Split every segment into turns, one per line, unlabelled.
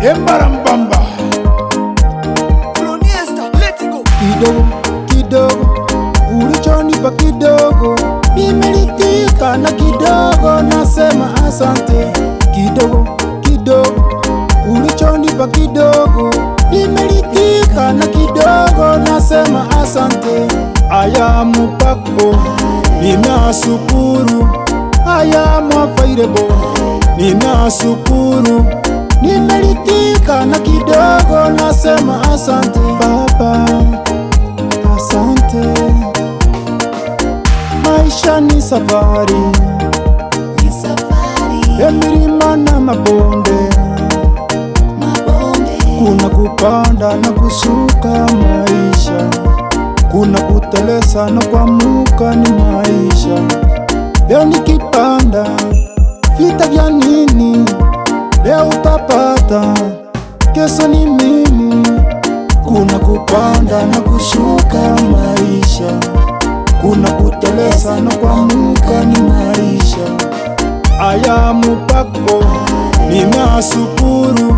Embara Mbamba
kidogo kidogo, ulichonipa kidogo nimelitika kidogo, nasema asante. Kidogo kidogo, ulichonipa kidogo nimelitika na kidogo, nasema asante. Aya ninasukuru, aya ninasukuru nimelitika na kidogo, nasema asante Baba, asante. Maisha ni safari, ni safari ya milima na mabonde, mabonde. Kuna kupanda na kushuka maisha, kuna kutelesa na kuamuka, ni maisha utapata, kesho ni mimi. Kuna kupanda na kushuka maisha, kuna kuteleza na kuamka, ni maisha aya mupako. Ninashukuru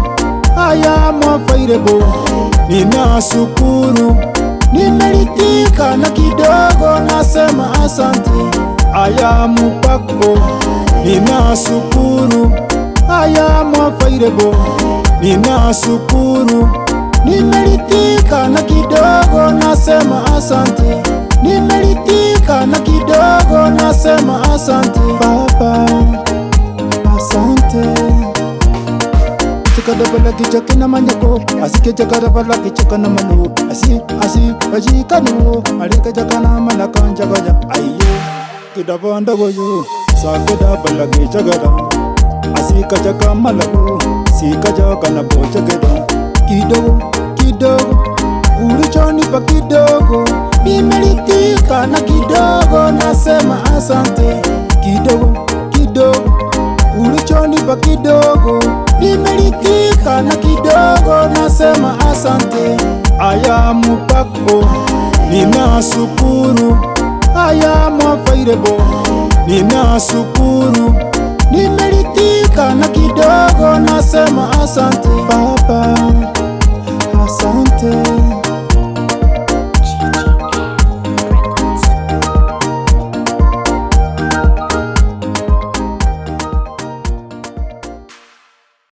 aya mwafairebo, ninashukuru nimelitika na kidogo, nasema asante. Aya mupako, ninashukuru haya mwafairebo, ninashukuru. Nimelitika na kidogo, nasema asante. Nimelitika na kidogo, nasema asante Baba, asante chikadabala kichaka na manyako asike chakadabala kichaka na manu asi asi bajikanu alika chakana malaka njagaja kidabanda goyo sakidabala kichagada asikaja kama labu sikaja kana bocha gedo kidogo kidogo ulichonipa kidogo nimelitika na kidogo nasema asante kidogo kidogo ulichonipa kidogo nimelitika na kidogo nasema asante aya mupako nimeasukuru aya mwafairebo nimeasukuru nime Constant.